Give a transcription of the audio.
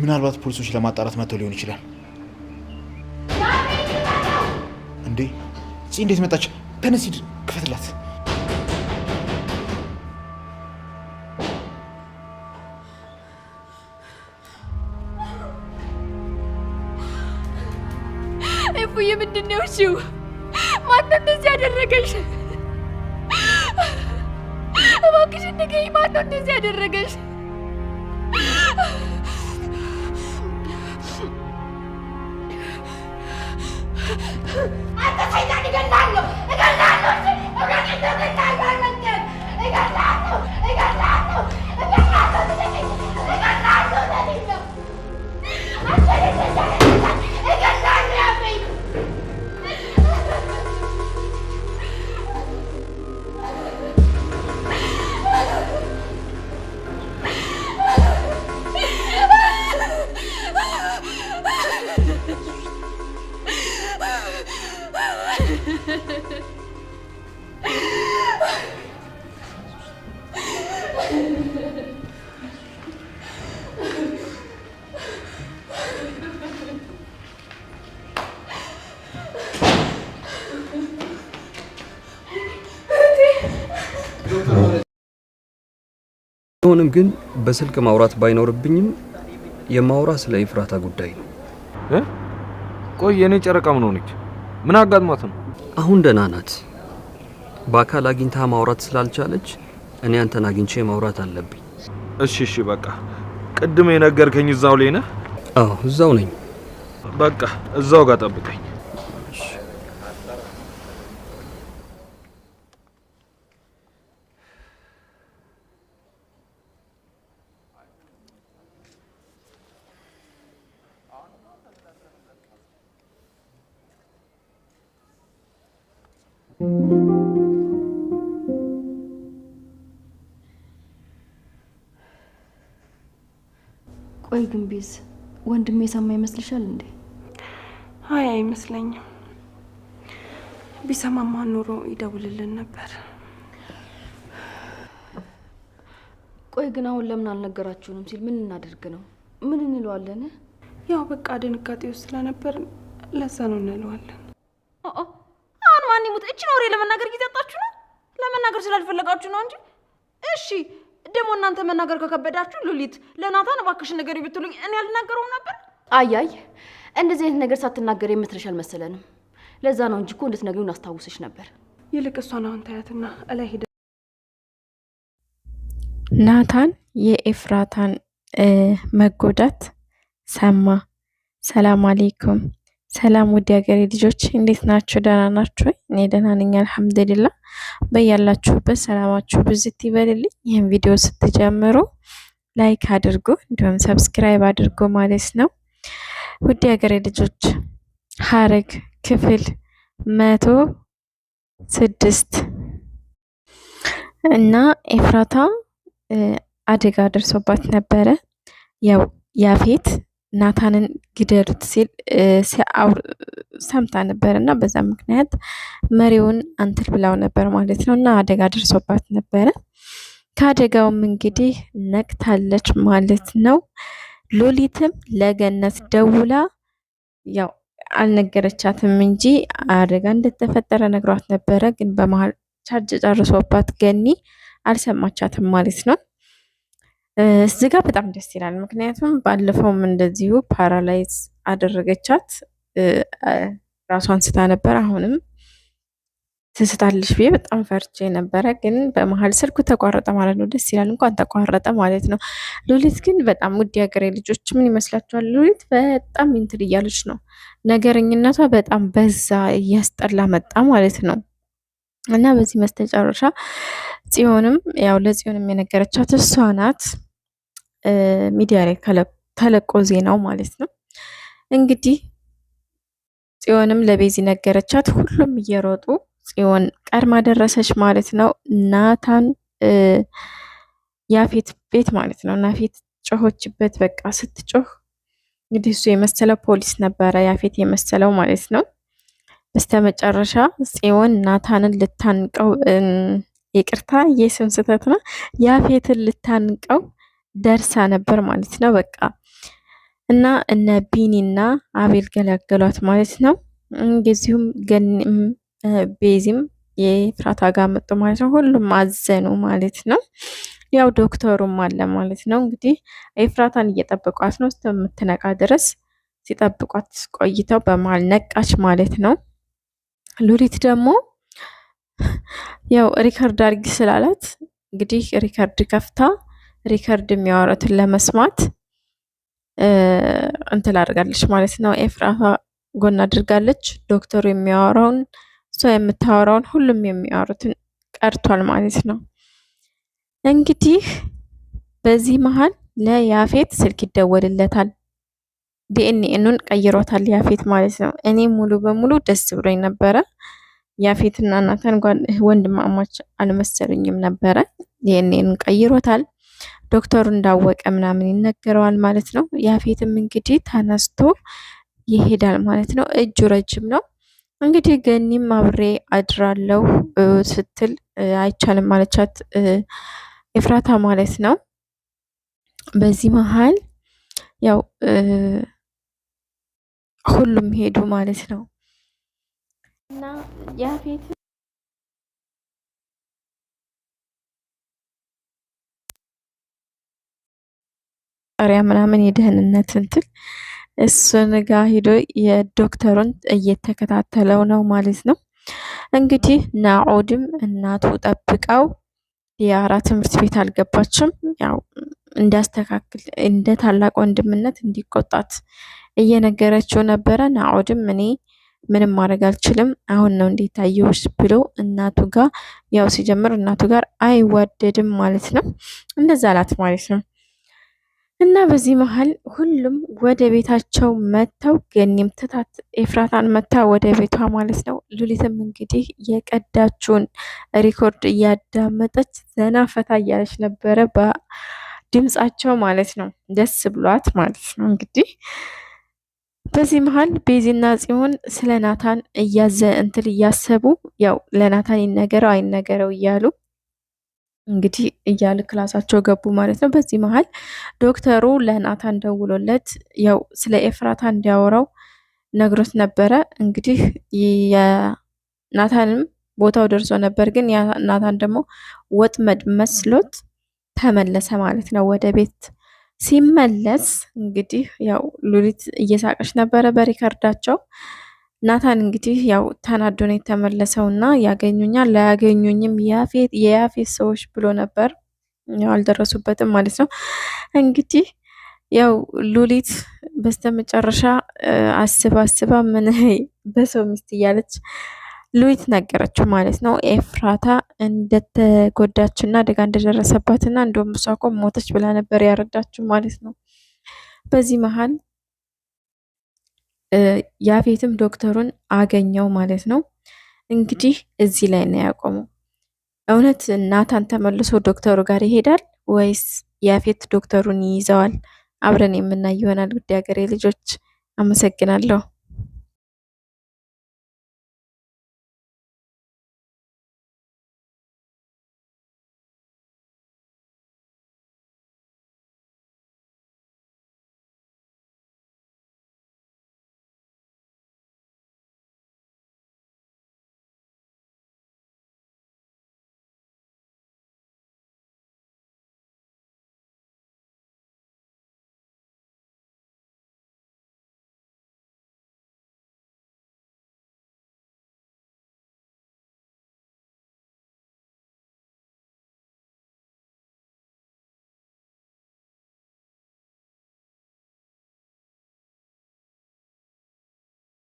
ምናልባት ፖሊሶች ለማጣራት መጥተው ሊሆን ይችላል። እንዴ ፂ እንዴት መጣች? ተነስ ሂድ፣ ክፈትላት። እፉዬ ምንድን ነው እሺው? ማነው እንደዚህ ያደረገሽ? እባክሽ ንገሪኝ፣ ማነው እንደዚህ ያደረገሽ? Até ቢሆንም ግን በስልክ ማውራት ባይኖርብኝም የማውራ ስለ ኤፍራታ ጉዳይ ነው። ቆይ የኔ ጨረቃ ምን ሆነች? ምን አጋጥሟት ነው? አሁን ደህና ናት። በአካል አግኝታ ማውራት ስላልቻለች እኔ አንተን አግኝቼ ማውራት አለብኝ። እሺ፣ እሺ፣ በቃ ቅድም የነገርከኝ እዛው ላይ ነህ? አዎ፣ እዛው ነኝ። በቃ እዛው ጋር ጠብቀኝ። ቆይ ግን ቢዝ ወንድሜ የሰማ ይመስልሻል እንዴ? አይ አይመስለኝም። ቢሰማማ ኑሮ ይደውልልን ነበር። ቆይ ግን አሁን ለምን አልነገራችሁንም ሲል ምን እናደርግ ነው? ምን እንለዋለን? ያው በቃ ድንጋጤ ውስጥ ስለነበር ለዛ ነው እንለዋለን። ማን ይሙት እቺ ነው ወሬ ለመናገር ጊዜ አጣችሁ ነው? ለመናገር ስላልፈለጋችሁ ነው እንጂ። እሺ ደግሞ እናንተ መናገር ከከበዳችሁ ሉሊት ለናታን እባክሽን ነገር ብትሉኝ እኔ ያልናገረው ነበር። አያይ እንደዚህ አይነት ነገር ሳትናገር የምትረሽ አልመሰለንም። ለዛ ነው እንጂ እኮ እንድትነግሪው እናስታውስሽ ነበር። ይልቅ እሷን አሁን ታያትና እላይ ሄደ ናታን የኤፍራታን መጎዳት ሰማ። ሰላም አሌይኩም ሰላም ውድ ሀገሬ ልጆች እንዴት ናችሁ? ደህና ናችሁ? እኔ ደህና ነኝ፣ አልሐምዱሊላ። በያላችሁበት ሰላማችሁ ብዝት ይበልልኝ። ይህን ቪዲዮ ስትጀምሩ ላይክ አድርጉ፣ እንዲሁም ሰብስክራይብ አድርጉ ማለት ነው። ውድ ሀገሬ ልጆች ሀረግ፣ ክፍል መቶ ስድስት እና ኤፍራታ አደጋ ደርሶባት ነበረ ያው ያፌት ናታንን ግደሉት ሲል ሰምታ ነበር እና በዛ ምክንያት መሪውን አንትል ብላው ነበር ማለት ነው እና አደጋ ደርሶባት ነበረ። ከአደጋውም እንግዲህ ነቅታለች ማለት ነው። ሎሊትም ለገነት ደውላ ያው አልነገረቻትም እንጂ አደጋ እንደተፈጠረ ነግሯት ነበረ። ግን በመሀል ቻርጅ ጨርሶባት ገኒ አልሰማቻትም ማለት ነው። እዚህ ጋር በጣም ደስ ይላል። ምክንያቱም ባለፈውም እንደዚሁ ፓራላይዝ አደረገቻት ራሷን ስታ ነበር። አሁንም ትስታለች ብዬ በጣም ፈርቼ ነበረ፣ ግን በመሀል ስልኩ ተቋረጠ ማለት ነው። ደስ ይላል፣ እንኳን ተቋረጠ ማለት ነው። ሉሊት ግን በጣም ውድ የሀገሬ ልጆች ምን ይመስላችኋል? ሉሊት በጣም እንትን እያለች ነው፣ ነገረኝነቷ በጣም በዛ፣ እያስጠላ መጣ ማለት ነው። እና በዚህ መስተጨረሻ ጽዮንም ያው ለጽዮንም የነገረቻት እሷ ናት። ሚዲያ ላይ ተለቆ ዜናው ማለት ነው እንግዲህ ጽዮንም ለቤዚ ነገረቻት። ሁሉም እየሮጡ ጽዮን ቀድማ ደረሰች ማለት ነው። ናታን ያፌት ቤት ማለት ነው። ናፌት ጮሆችበት በቃ ስትጮህ እንግዲህ እሱ የመሰለው ፖሊስ ነበረ ያፌት የመሰለው ማለት ነው። በስተመጨረሻ ጽዮን ናታንን ልታንቀው ይቅርታ የስም ስህተት ነው። ያፌትን ልታንቀው ደርሳ ነበር ማለት ነው። በቃ እና እነ ቢኒና አቤል ገላገሏት ማለት ነው። እንደዚሁም ገኒም ቤዚም የፍራታ ጋር መጡ ማለት ነው። ሁሉም አዘኑ ማለት ነው። ያው ዶክተሩም አለ ማለት ነው። እንግዲህ ኤፍራታን እየጠበቋት ነው። እስከምትነቃ ድረስ ሲጠብቋት ቆይተው በመሃል ነቃች ማለት ነው። ሉሊት ደግሞ ያው ሪከርድ አርጊ ስላላት እንግዲህ ሪከርድ ከፍታ ሪከርድ የሚያወራትን ለመስማት እንትን አድርጋለች ማለት ነው። ኤፍራታ ጎን አድርጋለች። ዶክተሩ የሚያወራውን እሷ የምታወራውን ሁሉም የሚያወሩትን ቀርቷል ማለት ነው። እንግዲህ በዚህ መሀል ለያፌት ስልክ ይደወልለታል። ዲኤንኤኑን ቀይሮታል ያፌት ማለት ነው። እኔ ሙሉ በሙሉ ደስ ብሎኝ ነበረ ያፌትና ናታን ወንድማማች አልመሰሉኝም ነበረ። ይህንን ቀይሮታል። ዶክተሩ እንዳወቀ ምናምን ይነገረዋል ማለት ነው። ያፌትም እንግዲህ ተነስቶ ይሄዳል ማለት ነው። እጁ ረጅም ነው እንግዲህ ገኒም አብሬ አድራለሁ ስትል አይቻልም ማለቻት ኤፍራታ ማለት ነው። በዚህ መሀል ያው ሁሉም ሄዱ ማለት ነው። እና ያፌት ሪያ ምናምን የደህንነት እንትን እሱን ጋ ሂዶ የዶክተሩን እየተከታተለው ነው ማለት ነው። እንግዲህ ናኦድም እናቱ ጠብቀው የአራ ትምህርት ቤት አልገባችም። ያው እንዲያስተካክል እንደ ታላቅ ወንድምነት እንዲቆጣት እየነገረችው ነበረ። ናኦድም እኔ ምንም ማድረግ አልችልም፣ አሁን ነው እንዴት ታየውሽ ብሎ እናቱ ጋር ያው ሲጀምር እናቱ ጋር አይዋደድም ማለት ነው። እንደዛ አላት ማለት ነው። እና በዚህ መሀል ሁሉም ወደ ቤታቸው መጥተው ገኒም ትታት ኤፍራታን መታ ወደ ቤቷ ማለት ነው። ሉሊትም እንግዲህ የቀዳችውን ሪኮርድ እያዳመጠች ዘና ፈታ እያለች ነበረ በድምጻቸው ማለት ነው። ደስ ብሏት ማለት ነው እንግዲህ በዚህ መሀል ቤዚና ጽሆን ስለ ናታን እያዘ እንትል እያሰቡ ያው ለናታን ይነገረው አይነገረው እያሉ እንግዲህ እያል ክላሳቸው ገቡ ማለት ነው። በዚህ መሀል ዶክተሩ ለናታን ደውሎለት ያው ስለ ኤፍራታ እንዲያወራው ነግሮት ነበረ። እንግዲህ የናታንም ቦታው ደርሶ ነበር፣ ግን ናታን ደግሞ ወጥመድ መስሎት ተመለሰ ማለት ነው ወደ ቤት ሲመለስ እንግዲህ ያው ሉሊት እየሳቀች ነበረ በሪከርዳቸው። ናታን እንግዲህ ያው ተናዶ ነው እና ያገኙኛል ላያገኙኝም የያፌት ሰዎች ብሎ ነበር። ያው አልደረሱበትም ማለት ነው እንግዲህ ያው ሉሊት በስተመጨረሻ አስባ አስባ ምን በሰው ሚስት እያለች ሉዊት ነገረችው ማለት ነው። ኤፍራታ እንደተጎዳችና አደጋ እንደደረሰባትና እንደውም እሷ እኮ ሞተች ብላ ነበር ያረዳችው ማለት ነው። በዚህ መሀል ያፌትም ዶክተሩን አገኘው ማለት ነው። እንግዲህ እዚህ ላይ ነው ያቆመው። እውነት ናታን ተመልሶ ዶክተሩ ጋር ይሄዳል ወይስ ያፌት ዶክተሩን ይይዘዋል? አብረን የምናይ ይሆናል። ውድ ሀገሬ ልጆች አመሰግናለሁ።